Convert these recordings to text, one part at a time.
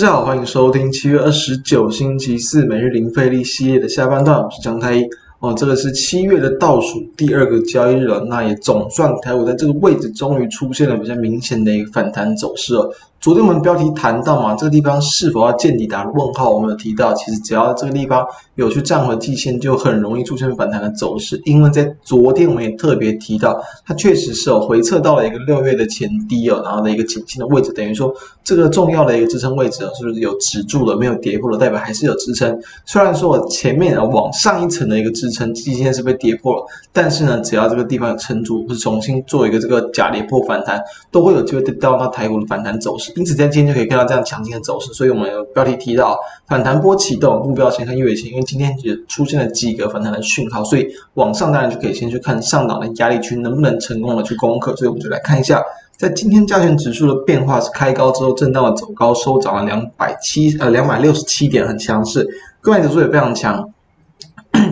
大家好，歡迎收聽七月二十九星期四每日零費力系列的下半段，我是張太一。哦，這個是七月的倒數第二個交易日了，那也總算台股在這個位置終於出現了比較明顯的一個反彈走勢了。昨天我們標題談到嘛，這個地方是否要見底？打個問號，我們有提到，其實只要這個地方，有去站穩季線，就很容易出現反彈的走勢。因為在昨天，我們也特別提到，它確實是有回撤到了一個六月的前低哦，然後的一個頸線的位置，等於說這個重要的一個支撐位置是不是有止住了？沒有跌破了，代表還是有支撐。雖然說我前面啊往上一層的一個支撐季線是被跌破了，但是呢，只要這個地方有撐住，或者重新做一個這個假跌破反彈，都會有機會得到到台股的反彈走勢。因此，在今天就可以看到這樣強勁的走勢。所以我們有標題提到反彈波啟動目標，先看月線因為。今天也出現了幾個反彈的訊號，所以往上當然就可以先去看上檔的壓力區能不能成功的去攻克。所以我們就來看一下，在今天加權指數的變化是開高之後震盪的走高，收漲了兩百七呃兩百六十七點，很強勢，櫃買指數也非常強，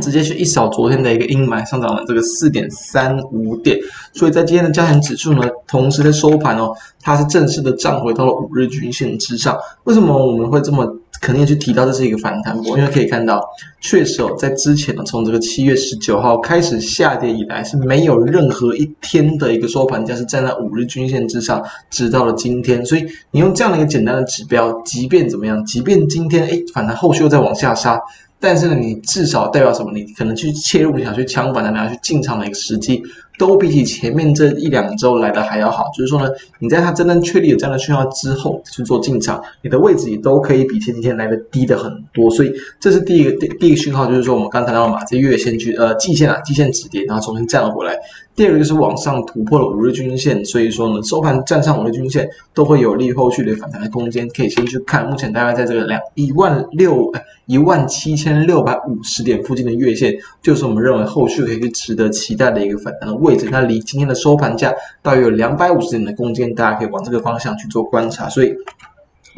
直接去一掃昨天的一個陰霾，上漲了這個四點三五點。所以在今天的加權指數呢，同時的收盤哦，它是正式的站回到了五日均線之上。為什麼我們會這麼？肯定去提到，這是一個反彈波，因為可以看到，確實哦，在之前呢，從這個七月十九號開始下跌以來，是沒有任何一天的一個收盤價是站在五日均線之上，直到了今天。所以你用這樣的一個簡單的指標，即便怎麼樣，即便今天哎反彈後續又在往下殺，但是呢，你至少代表什麼？你可能去切入你想去搶反彈、想要去進場的一個時機。都比起前面這一兩周來的還要好，就是說呢，你在它真正確立有這樣的訊號之後去做進場，你的位置也都可以比前幾天來的低的很多，所以這是第一個第第一個訊號，就是說我們剛才到嘛，這月線去呃季線啊季線止跌，然後重新站了回來。第二個就是往上突破了五日均線，所以說呢收盤站上五日均線，都會有利後續的反彈的空間，可以先去看。目前大概在這個兩一萬六、呃、一萬七千六百五十點附近的月線，就是我們認為後續可以去值得期待的一個反彈的位位置，那離今天的收盤價大約有兩百五十點的空間，大家可以往這個方向去做觀察。所以，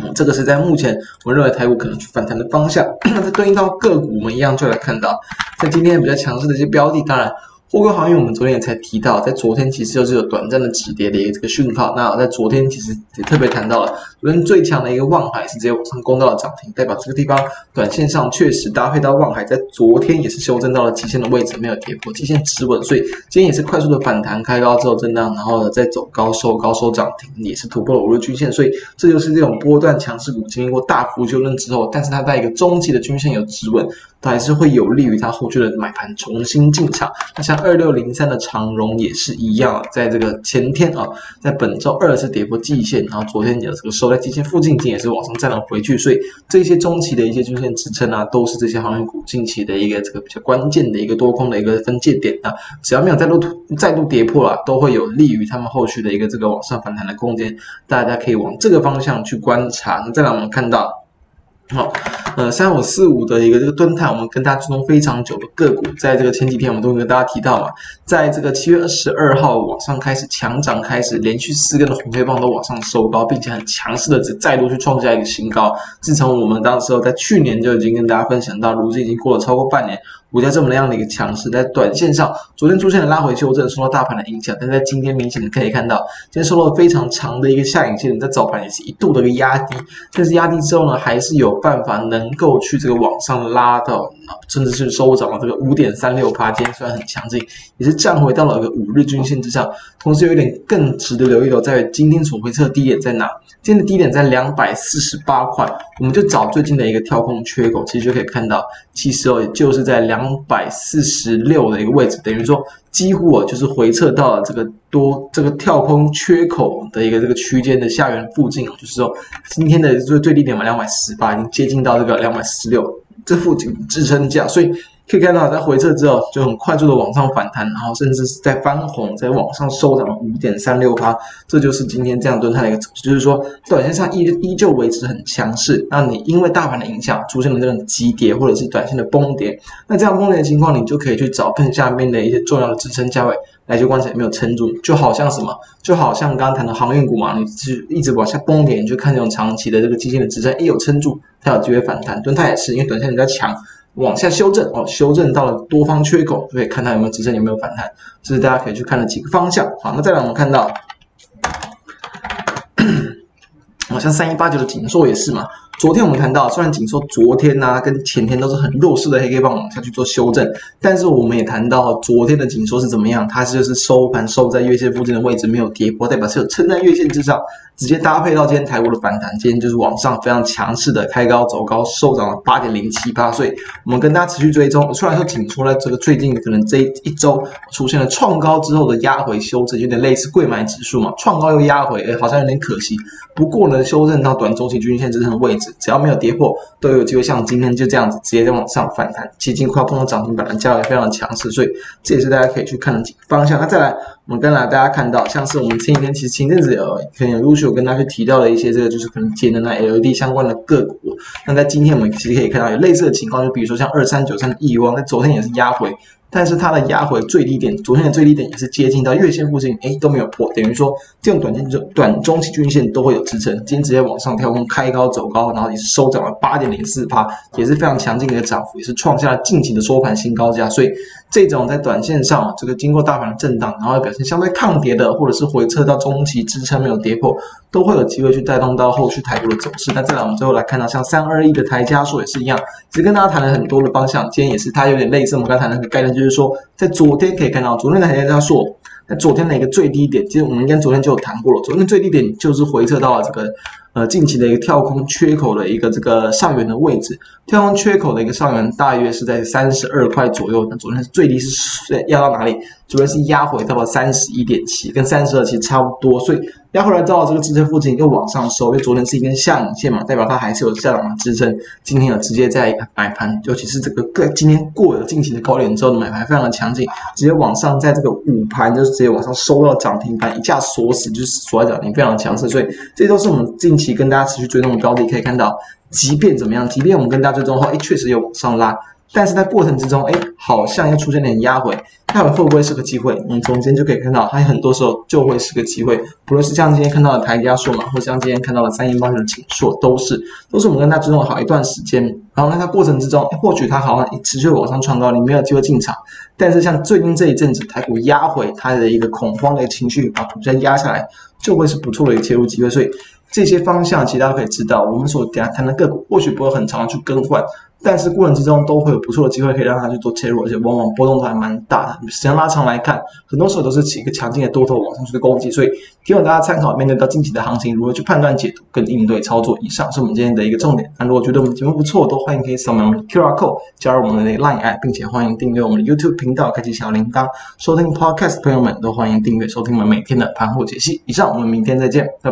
嗯，這個是在目前我認為台股可能去反彈的方向。那在 對應到個股，我們一樣就來看到，在今天比較強勢的一些標的，當然。化工行業，好我們昨天也才提到，在昨天其實就是有短暫的止跌的一個這個訊號。那在昨天其實也特別談到了昨天最強的一個望海是直接往上攻到了漲停，代表這個地方短線上確實搭配到望海，在昨天也是修正到了極限的位置，沒有跌破極限止穩。所以今天也是快速的反彈，開高之後震盪，然後呢再走高收高收漲停，也是突破了五日均線。所以這就是這種波段強勢股經歷過大幅修正之後，但是它在一個中期的均線有止穩，它還是會有利於它後續的買盤重新進場。那像。二六零三的長榮也是一樣，在這個前天啊，在本周二是跌破季線，然後昨天也是個收在季線附近，也是往上站了回去，所以這些中期的一些均線支撐啊，都是這些航運股近期的一個這個比較關鍵的一個多空的一個分界點啊。只要沒有再度再度跌破了，啊，都會有利於他們後續的一個這個往上反彈的空間。大家可以往這個方向去觀察。那再來我們看到。好，呃，三五四五的一個這個敦泰，我們跟大家追蹤非常久的個股，在這個前幾天我們都跟大家提到嘛，在這個七月二十二號往上開始強漲，開始連續四根的紅黑棒都往上收高，並且很強勢的，只再度去創下一個新高。自從我們當時在去年就已經跟大家分享到，如今已經過了超過半年。股價這麼樣的一個強勢，在短線上昨天出現了拉回修正，受到大盤的影響，但在今天明顯的可以看到，今天收到了非常長的一個下影線，在早盤也是一度的一個壓低，但是壓低之後呢，還是有辦法能夠去這個往上拉到，甚至是收漲到這個五點三六八，今天雖然很強勁，也是站回到了一個五日均線之上，同時又有一點更值得留意的，在於今天重回測的低點在哪？今天的低點在兩百四十八塊，我們就找最近的一個跳空缺口，其實就可以看到，其實哦，也就是在兩。兩百四十六的一個位置，等於說幾乎啊，就是回撤到了這個多這個跳空缺口的一個這個區間的下緣附近啊，就是說今天的這個最低點嘛，兩百四十八已經接近到這個兩百四十六這附近支撐價，所以。可以看到，在回撤之後，就很快速的往上反彈，然後甚至是在翻紅，在往上收漲了五點三六%。這就是今天這樣敦泰的一個走勢，就是說，短線上依依舊維持很強勢。那你因為大盤的影響，出現了這種急跌或者是短線的崩跌，那這樣崩跌的情況，你就可以去找更下面的一些重要的支撐價位來去觀察有沒有撐住。就好像什麼，就好像剛剛談的航運股嘛，你一直往下崩跌，你就看這種長期的這個基金的支撐，一有撐住，它有機會反彈。敦泰也是，因為短線比較強。往下修正哦，修正到了多方缺口，就可以看它有沒有支撐，有沒有反彈，這是大家可以去看的幾個方向。好，那再來我們看到，好像三一八九的景碩也是嘛。昨天我們談到，雖然緊縮，昨天吶、啊、跟前天都是很弱勢的黑 K 棒往下去做修正，但是我們也談到昨天的緊縮是怎麼樣，它是就是收盤收在月線附近的位置，沒有跌破，代表是有撐在月線之上，直接搭配到今天台股的反彈，今天就是往上非常強勢的開高走高，收漲了八點零七八，所以我們跟大家持續追蹤。雖然說緊縮了，這個最近可能這一周出現了創高之後的壓回修正，有點類似櫃買指數嘛，創高又壓回，哎，好像有點可惜。不過呢，修正到短周期均線之上的位置。只要沒有跌破，都有機會像今天就這樣子直接再往上反彈。其金快碰到漲停板了，價位非常強勢，所以這也是大家可以去看的方向。那、啊、再來，我們剛才大家看到，像是我們前幾天其實前陣子有可能有陸續有跟大家去提到了一些這個就是可能節能的 LED 相關的個股。那在今天我們其實可以看到有類似的情況，就比如說像二三九三的億光，那昨天也是壓回。但是它的壓回最低點，昨天的最低點也是接近到月線附近，哎，都沒有破，等於說這種短線就短中期均線都會有支撐。今天直接往上跳空開高走高，然後也是收漲了八點零四趴，也是非常強勁的一個漲幅，也是創下了近期的收盤新高價，所以。這種在短線上，這個經過大盤的震盪，然後表現相對抗跌的，或者是回撤到中期支撐沒有跌破，都會有機會去帶動到後續台股的走勢。那再來我們最後來看到，像三二一的台加速也是一樣，其實跟大家談了很多的方向，今天也是，它有點類似我們剛才那個概念，就是說在昨天可以看到昨天的台加速，在昨天的一個最低點，其實我們應該昨天就有談過了，昨天最低點就是回撤到了這個。呃，近期的一個跳空缺口的一個這個上緣的位置，跳空缺口的一個上緣大約是在三十二塊左右。那昨天最低是壓到哪裡？主要是壓回到了三十一點七，跟三十二點七差不多，所以壓回來到了這個支撐附近又往上收，因為昨天是一根下影線嘛，代表它還是有下檔的支撐。今天有直接在買盤，尤其是這個更今天過了近期的高點之後，買盤非常的強勁，直接往上在這個五盤就是直接往上收到漲停盤，一下鎖死，就是鎖在漲停，非常的強勢。所以這都是我們近期跟大家持續追蹤的標的，可以看到，即便怎麼樣，即便我們跟大家追蹤後，誒確實有往上拉，但是在過程之中，誒好像又出現點壓回。大盤會不會是個機會？你從今天就可以看到，它很多時候就會是個機會。不論是像今天看到的台壓縮嘛，或是像今天看到的三星幫手的緊縮，都是都是我們跟它追了好一段時間。然後在它過程之中，或許它好像持續往上創高，你沒有機會進場。但是像最近這一陣子，台股壓回它的一個恐慌的情緒，把股價壓下來，就會是不錯的一個切入機會。所以這些方向，其實大家都可以知道，我們所講談的個股，或許不會很常去更換。但是過程之中都會有不錯的機會可以讓他去做切入，而且往往波動都還蠻大的。時間拉長來看，很多時候都是起一個強勁的多頭往上去的攻擊。所以，希望大家參考面對到近期的行情如何去判斷、解讀跟應對操作。以上是我們今天的一個重點。那如果覺得我們節目不錯，都歡迎可以掃描我們的 QR code 加入我們的 Line，並且歡迎訂閱我們的 YouTube 頻道，開啟小鈴鐺收聽 Podcast。朋友們都歡迎訂閱收聽我們每天的盤後解析。以上，我們明天再見，拜拜。